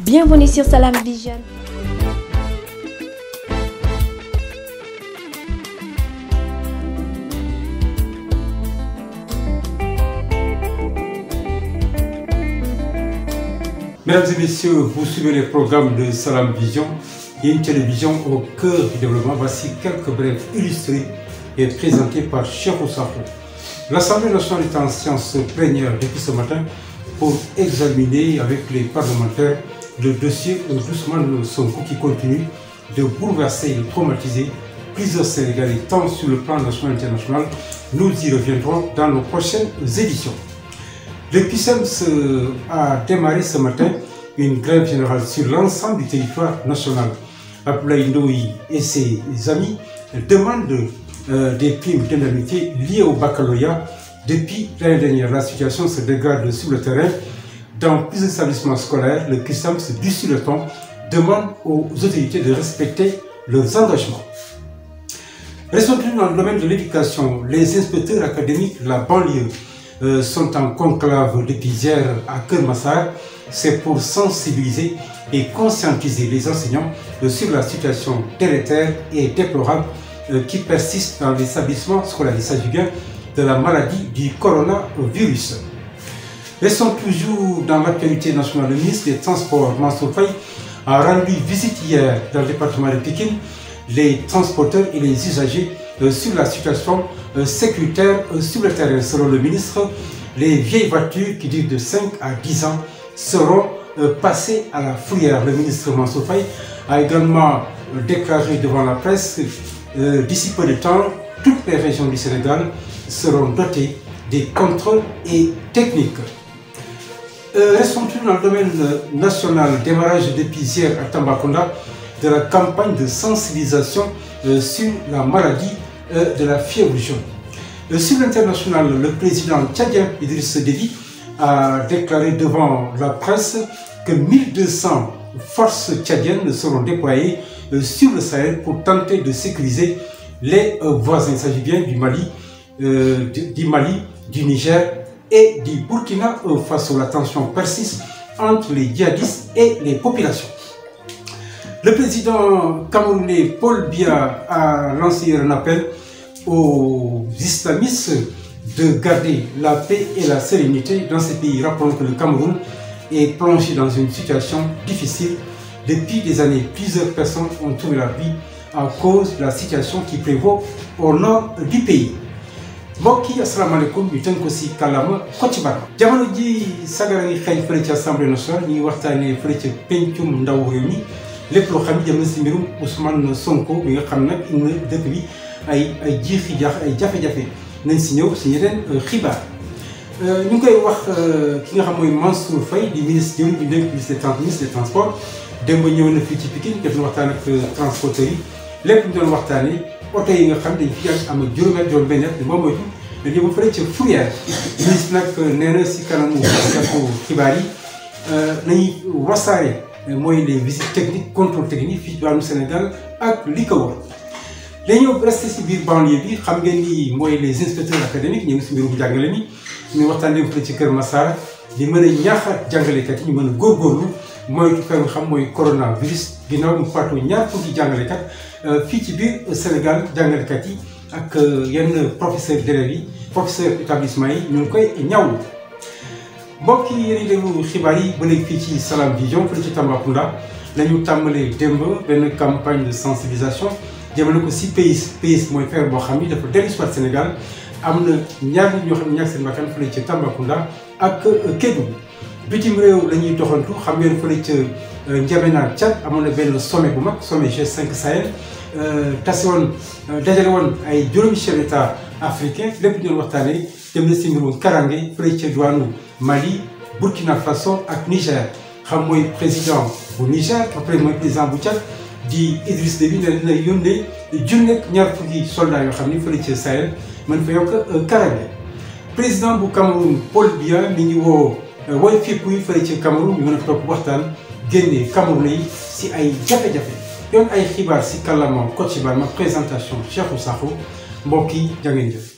Bienvenue sur Mesdames et messieurs, vous suivez les programmes de Salam Vision, une télévision au cœur du développement. Voici quelques brèves illustrées et présentées par Cheikh Oussafou. L'Assemblée nationale est en séance plénière depuis ce matin pour examiner avec les parlementaires le dossier d'Ousmane Sonko qui continue de bouleverser et de traumatiser plusieurs Sénégalais, tant sur le plan national international. Nous y reviendrons dans nos prochaines éditions. Le QCM a démarré ce matin une grève générale sur l'ensemble du territoire national. Abdoulaye et ses amis demandent euh, des primes d'indemnité liées au baccalauréat. Depuis l'année dernière, la situation se dégrade sur le terrain dans plusieurs établissements scolaires, le CRISAM se sur le temps, demande aux autorités de respecter leurs engagements. Responsable dans le domaine de l'éducation, les inspecteurs académiques de la banlieue euh, sont en conclave depuis hier à Kermassar. C'est pour sensibiliser et conscientiser les enseignants euh, sur la situation délétère et déplorable euh, qui persiste dans l'établissement scolaire. Il s'agit bien de la maladie du coronavirus. Restons toujours dans l'actualité nationale. Le ministre des Transports, Mansour Faye, a rendu visite hier dans le département de Pékin les transporteurs et les usagers euh, sur la situation euh, sécuritaire euh, sur le terrain. Selon le ministre, les vieilles voitures qui durent de cinq à 10 ans seront euh, passées à la fourrière. Le ministre Mansour Faye a également euh, déclaré devant la presse d'ici peu de temps, toutes les régions du Sénégal seront dotées des contrôles et Euh, restons dans le domaine euh, national, démarrage d'épicière à Tambacounda de la campagne de sensibilisation euh, sur la maladie de la fièvre jaune. sur l'international, le président tchadien Idriss Déby a déclaré devant la presse que forces tchadiennes seront déployées sur le Sahel pour tenter de sécuriser les voisins. Il du Mali, du Niger et du Burkina Faso. La tension persiste entre les djihadistes et les populations. Le président camerounais Paul Biya a lancé un appel aux islamistes de garder la paix et la sérénité dans ces pays. Rappelons que le Cameroun est plongé dans une situation difficile. Depuis des années, plusieurs personnes ont trouvé la vie à cause de la situation qui prévaut au nord du pays. mbokk yi asalaamaaleykum ñu tënk ko si kàllaama Kocc Barma jamono ji sagara ngi xëy fële ci assemblée nationale ñuy waxtaane fële ca pencum ndaw réew mi lépp loo xam ne jëm na si mbirum Ousmane Sonko bi nga xam nag indi na dëkk bi ay ay jiixi jax ay jafe-jafe nañ si ñëw si yeneen euh, xibaar. Euh, ñu ngi koy wax euh, ki nga xam mooy Mansour Faye di ministre jëwriñ bi nekk ministre des transports démb ñëw na fii ci Pikine def na waxtaan ak transporteurs yi lépp ñu doon waxtaanee. oto yi nga xam dañu fi yàgg am juróom ak juróom benn at moom mooy fi dañu ba fële ca fourrière ministre nag nee na si kanamu gàttu xibaar yi euh, nañuy wasaare mooy les visites techniques contrôle technique fii ci wàllu Sénégal ak li ko war dañoo resté si biir banlieue bi xam nga ni mooy les inspecteurs académiques ñu ngi si mbirum jàngale mi ñu waxtaan dem fële ci Kër Massar di mën a ñaaxaat jàngalekat yi ñu mën a góorgóorlu mooy ka nga xam mooy coronavirus ginnaaw mu faatu ñaar fukki jàngalekat euh, fii ci biir Sénégal jàngalekat yi ak euh, yenn professeur d'élèves yi professeur établissement yi ñu ngi koy ñaw mbokk yi yéen xibaar yi ba léegi fii ci Salam Vision fële ci Tambacounda la ñu tàmbalee démb benn campagne de sensibilisation jëmale ko si pays pays mooy feer boo xam ni dafa dellu si Sénégal am na ñaar nit ñoo xam ne ñàkk seen bakkan fële ci Tambacounda ak euh, Kédougou bitim réew la ñuy doxantu xam ngeen fële ca euh, N'Djamena Tchad amoon na benn sommet bu mag sommet G5 euh, tase woon euh, dajale woon ay juróomi chef d'état africain lépp ñu waxtaanee jëm na si mbirum karange fële ca diwaanu Mali Burkina Faso ak Niger xam mooy président bu Niger après mooy président bu Tchad di Idriss Déby ne dina yónnee jur nekk ñaar fukki soldats yoo xam ni fële ca Sahel mën fa yokk karange président bu Cameroun Paul Biya mi ngi woo. Euh, way fipp yi fële ci Cameroun ñu mën a toog waxtaan génne Cameroun yi si ay jafe-jafe yoon ay xibaar si kàllaama Kocc Barma présentation Cheikhou Sakho mbokk yi jaa ngeen